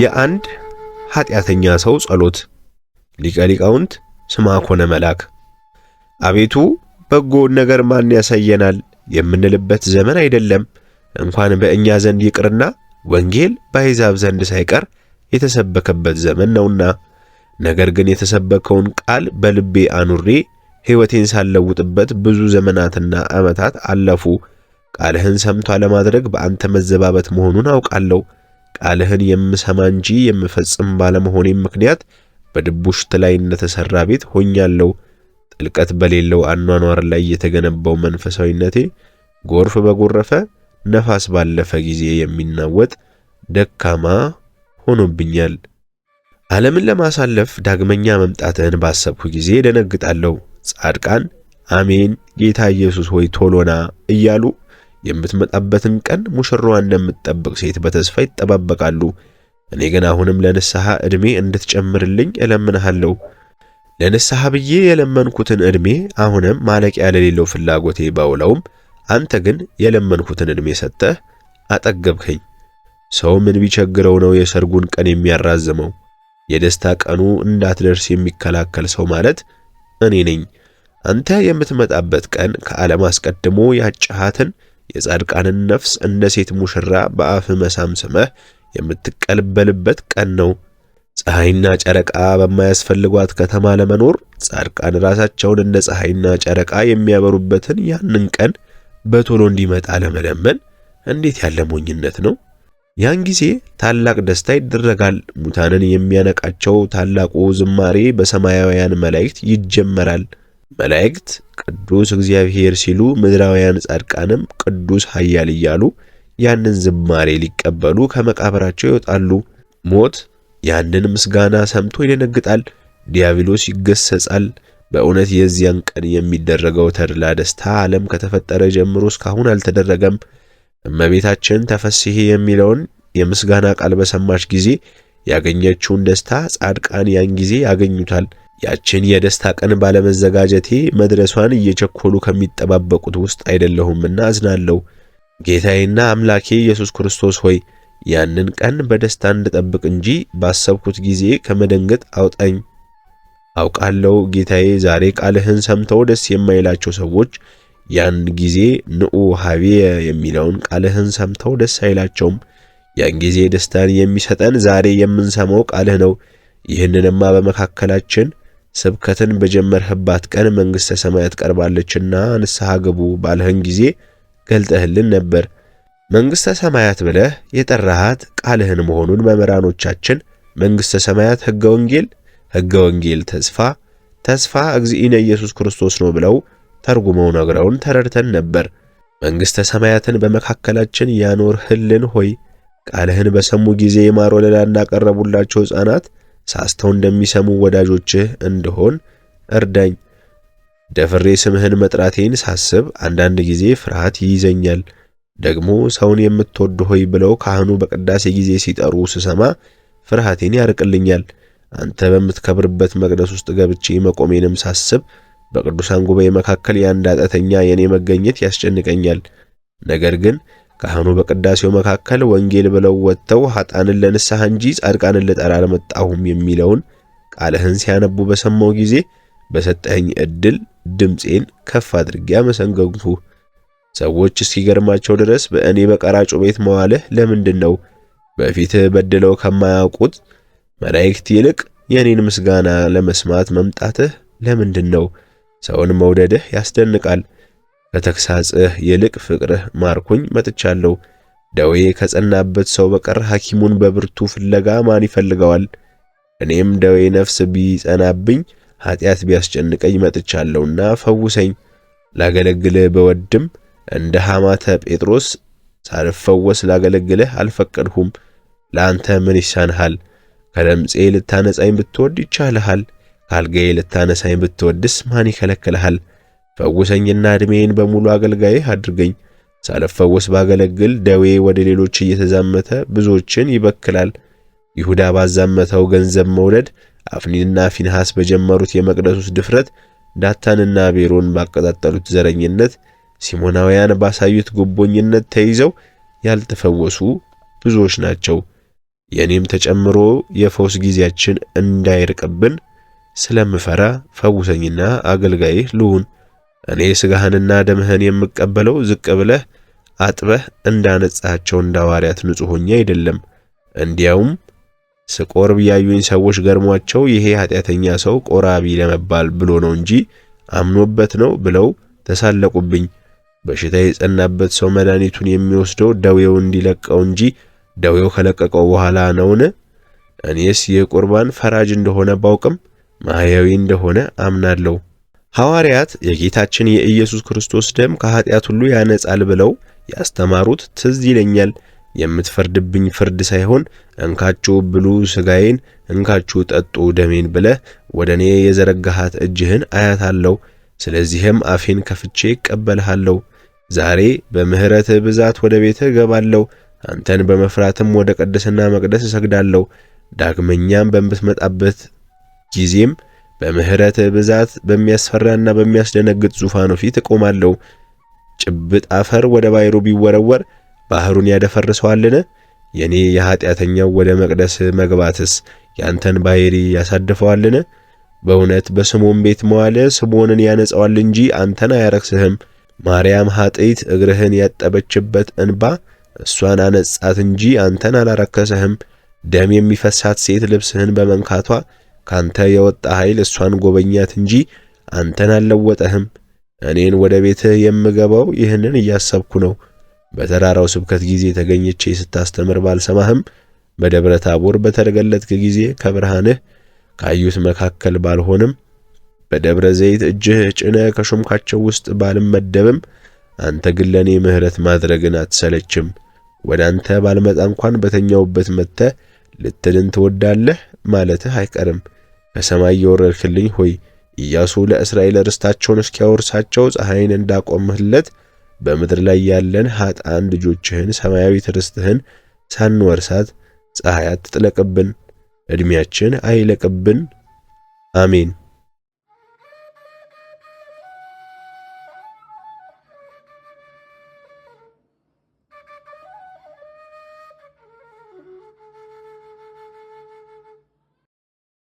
የአንድ ኃጢአተኛ ሰው ጸሎት ሊቀ ሊቃውንት ስማ ኮነ መልአክ። አቤቱ በጎውን ነገር ማን ያሳየናል የምንልበት ዘመን አይደለም። እንኳን በእኛ ዘንድ ይቅርና ወንጌል በአሕዛብ ዘንድ ሳይቀር የተሰበከበት ዘመን ነውና፣ ነገር ግን የተሰበከውን ቃል በልቤ አኑሬ ሕይወቴን ሳለውጥበት ብዙ ዘመናትና ዓመታት አለፉ። ቃልህን ሰምቶ ለማድረግ በአንተ መዘባበት መሆኑን አውቃለሁ። ቃልህን የምሰማ እንጂ የምፈጽም ባለመሆኔም ምክንያት በድቡሽት ላይ እንደተሰራ ቤት ሆኛለሁ። ጥልቀት በሌለው አኗኗር ላይ የተገነባው መንፈሳዊነቴ ጎርፍ በጎረፈ ነፋስ ባለፈ ጊዜ የሚናወጥ ደካማ ሆኖብኛል። ዓለምን ለማሳለፍ ዳግመኛ መምጣትህን ባሰብኩ ጊዜ ደነግጣለሁ። ጻድቃን አሜን ጌታ ኢየሱስ ሆይ ቶሎና እያሉ የምትመጣበትን ቀን ሙሽራዋ እንደምትጠብቅ ሴት በተስፋ ይጠባበቃሉ። እኔ ግን አሁንም ለንስሐ ዕድሜ እንድትጨምርልኝ እለምንሃለሁ። ለንስሐ ብዬ የለመንኩትን ዕድሜ አሁንም ማለቂያ ለሌለው ፍላጎቴ ባውለውም፣ አንተ ግን የለመንኩትን ዕድሜ ሰጥተህ አጠገብከኝ። ሰው ምን ቢቸግረው ነው የሰርጉን ቀን የሚያራዝመው? የደስታ ቀኑ እንዳትደርስ የሚከላከል ሰው ማለት እኔ ነኝ። አንተ የምትመጣበት ቀን ከዓለም አስቀድሞ ያጨሃትን የጻድቃንን ነፍስ እንደ ሴት ሙሽራ በአፍ መሳምሰመህ የምትቀልበልበት ቀን ነው። ፀሐይና ጨረቃ በማያስፈልጓት ከተማ ለመኖር ጻድቃን ራሳቸውን እንደ ፀሐይና ጨረቃ የሚያበሩበትን ያንን ቀን በቶሎ እንዲመጣ ለመለመን እንዴት ያለ ሞኝነት ነው! ያን ጊዜ ታላቅ ደስታ ይደረጋል። ሙታንን የሚያነቃቸው ታላቁ ዝማሬ በሰማያውያን መላእክት ይጀመራል። መላእክት ቅዱስ እግዚአብሔር ሲሉ፣ ምድራውያን ጻድቃንም ቅዱስ ኃያል እያሉ ያንን ዝማሬ ሊቀበሉ ከመቃብራቸው ይወጣሉ። ሞት ያንን ምስጋና ሰምቶ ይደነግጣል፣ ዲያብሎስ ይገሰጻል። በእውነት የዚያን ቀን የሚደረገው ተድላ ደስታ ዓለም ከተፈጠረ ጀምሮ እስካሁን አልተደረገም። እመቤታችን ተፈስሄ የሚለውን የምስጋና ቃል በሰማች ጊዜ ያገኘችውን ደስታ ጻድቃን ያን ጊዜ ያገኙታል። ያችን የደስታ ቀን ባለመዘጋጀቴ መድረሷን እየቸኮሉ ከሚጠባበቁት ውስጥ አይደለሁምና አዝናለሁ። ጌታዬና አምላኬ ኢየሱስ ክርስቶስ ሆይ ያንን ቀን በደስታ እንድጠብቅ እንጂ ባሰብኩት ጊዜ ከመደንገጥ አውጣኝ። አውቃለሁ ጌታዬ፣ ዛሬ ቃልህን ሰምተው ደስ የማይላቸው ሰዎች ያን ጊዜ ንዑ ሀቤየ የሚለውን ቃልህን ሰምተው ደስ አይላቸውም። ያን ጊዜ ደስታን የሚሰጠን ዛሬ የምንሰማው ቃልህ ነው። ይህንንማ በመካከላችን ስብከትን በጀመርህባት ቀን መንግሥተ ሰማያት ቀርባለችና ንስሐ ግቡ ባልህን ጊዜ ገልጠህልን ነበር። መንግሥተ ሰማያት ብለህ የጠራሃት ቃልህን መሆኑን መምህራኖቻችን መንግሥተ ሰማያት ሕገ ወንጌል፣ ሕገ ወንጌል ተስፋ፣ ተስፋ እግዚእነ ኢየሱስ ክርስቶስ ነው ብለው ተርጉመው ነግረውን ተረድተን ነበር። መንግሥተ ሰማያትን በመካከላችን ያኖርህልን ሆይ ቃልህን በሰሙ ጊዜ ማር ወለላ እንዳቀረቡላቸው ሕፃናት ሳስተው እንደሚሰሙ ወዳጆችህ እንድሆን እርዳኝ። ደፍሬ ስምህን መጥራቴን ሳስብ አንዳንድ ጊዜ ፍርሃት ይይዘኛል። ደግሞ ሰውን የምትወድ ሆይ ብለው ካህኑ በቅዳሴ ጊዜ ሲጠሩ ስሰማ ፍርሃቴን ያርቅልኛል። አንተ በምትከብርበት መቅደስ ውስጥ ገብቼ መቆሜንም ሳስብ በቅዱሳን ጉባኤ መካከል የአንድ ኃጢአተኛ የእኔ መገኘት ያስጨንቀኛል። ነገር ግን ካህኑ በቅዳሴው መካከል ወንጌል ብለው ወጥተው ኃጣንን ለንስሐ እንጂ ጻድቃንን ልጠራ አልመጣሁም የሚለውን ቃልህን ሲያነቡ በሰማው ጊዜ በሰጠኸኝ ዕድል ድምፄን ከፍ አድርጌ አመሰገንኩህ። ሰዎች እስኪገርማቸው ድረስ በእኔ በቀራጩ ቤት መዋልህ ለምንድን ነው? በፊትህ በድለው ከማያውቁት መላእክት ይልቅ የእኔን ምስጋና ለመስማት መምጣትህ ለምንድን ነው? ሰውን መውደድህ ያስደንቃል። ከተግሳጽህ ይልቅ ፍቅርህ ማርኩኝ መጥቻለሁ። ደዌ ከጸናበት ሰው በቀር ሐኪሙን በብርቱ ፍለጋ ማን ይፈልገዋል? እኔም ደዌ ነፍስ ቢጸናብኝ ኃጢአት ቢያስጨንቀኝ መጥቻለሁና ፈውሰኝ። ላገለግልህ በወድም እንደ ሐማተ ጴጥሮስ ሳልፈወስ ላገለግልህ አልፈቀድሁም። ለአንተ ምን ይሳንሃል? ከደምፄ ልታነጻኝ ብትወድ ይቻልሃል። ካልጋዬ ልታነሳኝ ብትወድስ ማን ይከለክልሃል? ፈውሰኝና ዕድሜን በሙሉ አገልጋይህ አድርገኝ። ሳልፈወስ ባገለግል ደዌ ወደ ሌሎች እየተዛመተ ብዙዎችን ይበክላል። ይሁዳ ባዛመተው ገንዘብ መውደድ፣ አፍኒንና ፊንሃስ በጀመሩት የመቅደሱስ ድፍረት፣ ዳታንና ቤሮን ባቀጣጠሉት ዘረኝነት፣ ሲሞናውያን ባሳዩት ጉቦኝነት ተይዘው ያልተፈወሱ ብዙዎች ናቸው። የእኔም ተጨምሮ የፈውስ ጊዜያችን እንዳይርቅብን ስለምፈራ ፈውሰኝና አገልጋይህ ልሁን። እኔ ስጋህንና ደምህን የምቀበለው ዝቅ ብለህ አጥበህ እንዳነጻቸው እንደ ሐዋርያት ንጹሕ ሆኜ አይደለም። እንዲያውም ስቆርብ ያዩኝ ሰዎች ገርሟቸው ይሄ ኃጢአተኛ ሰው ቆራቢ ለመባል ብሎ ነው እንጂ አምኖበት ነው ብለው ተሳለቁብኝ። በሽታ የጸናበት ሰው መድኃኒቱን የሚወስደው ደዌው እንዲለቀው እንጂ ደዌው ከለቀቀው በኋላ ነውን? እኔስ የቁርባን ፈራጅ እንደሆነ ባውቅም ማህያዊ እንደሆነ አምናለሁ። ሐዋርያት የጌታችን የኢየሱስ ክርስቶስ ደም ከኃጢአት ሁሉ ያነጻል ብለው ያስተማሩት ትዝ ይለኛል። የምትፈርድብኝ ፍርድ ሳይሆን እንካችሁ ብሉ ሥጋዬን፣ እንካችሁ ጠጡ ደሜን ብለህ ወደ እኔ የዘረጋሃት እጅህን አያታለሁ። ስለዚህም አፌን ከፍቼ እቀበልሃለሁ። ዛሬ በምሕረትህ ብዛት ወደ ቤትህ እገባለሁ። አንተን በመፍራትም ወደ ቅድስና መቅደስ እሰግዳለሁ። ዳግመኛም በምትመጣበት ጊዜም በምሕረትህ ብዛት በሚያስፈራና በሚያስደነግጥ ዙፋኑ ፊት እቆማለሁ። ጭብጥ አፈር ወደ ባሕሩ ቢወረወር ባህሩን ያደፈርሰዋልን? የኔ የኀጢአተኛው ወደ መቅደስ መግባትስ ያንተን ባሕሪ ያሳድፈዋልን? በእውነት በስምዖን ቤት መዋለ ስምዖንን ያነጻዋል እንጂ አንተን አያረክስህም። ማርያም ኃጢት እግርህን ያጠበችበት እንባ እሷን አነጻት እንጂ አንተን አላረከሰህም። ደም የሚፈሳት ሴት ልብስህን በመንካቷ ካንተ የወጣ ኃይል እሷን ጎበኛት እንጂ አንተን አልለወጠህም። እኔን ወደ ቤትህ የምገባው ይህንን እያሰብኩ ነው። በተራራው ስብከት ጊዜ ተገኝቼ ስታስተምር ባልሰማህም በደብረ ታቦር በተገለጥክ ጊዜ ከብርሃንህ ካዩት መካከል ባልሆንም በደብረ ዘይት እጅህ ጭነ ከሾምካቸው ውስጥ ባልመደብም አንተ ግን ለእኔ ምሕረት ማድረግን አትሰለችም። ወደ አንተ ባልመጣ እንኳን በተኛውበት መጥተህ ልትድን ትወዳለህ ማለትህ አይቀርም። ከሰማይ የወረድክልኝ ሆይ ኢያሱ ለእስራኤል ርስታቸውን እስኪያወርሳቸው ፀሐይን እንዳቆምህለት በምድር ላይ ያለን ሃጣን ልጆችህን ሰማያዊት ርስትህን ሳንወርሳት ፀሐይ አትጥለቅብን፣ ዕድሜያችን አይለቅብን። አሜን።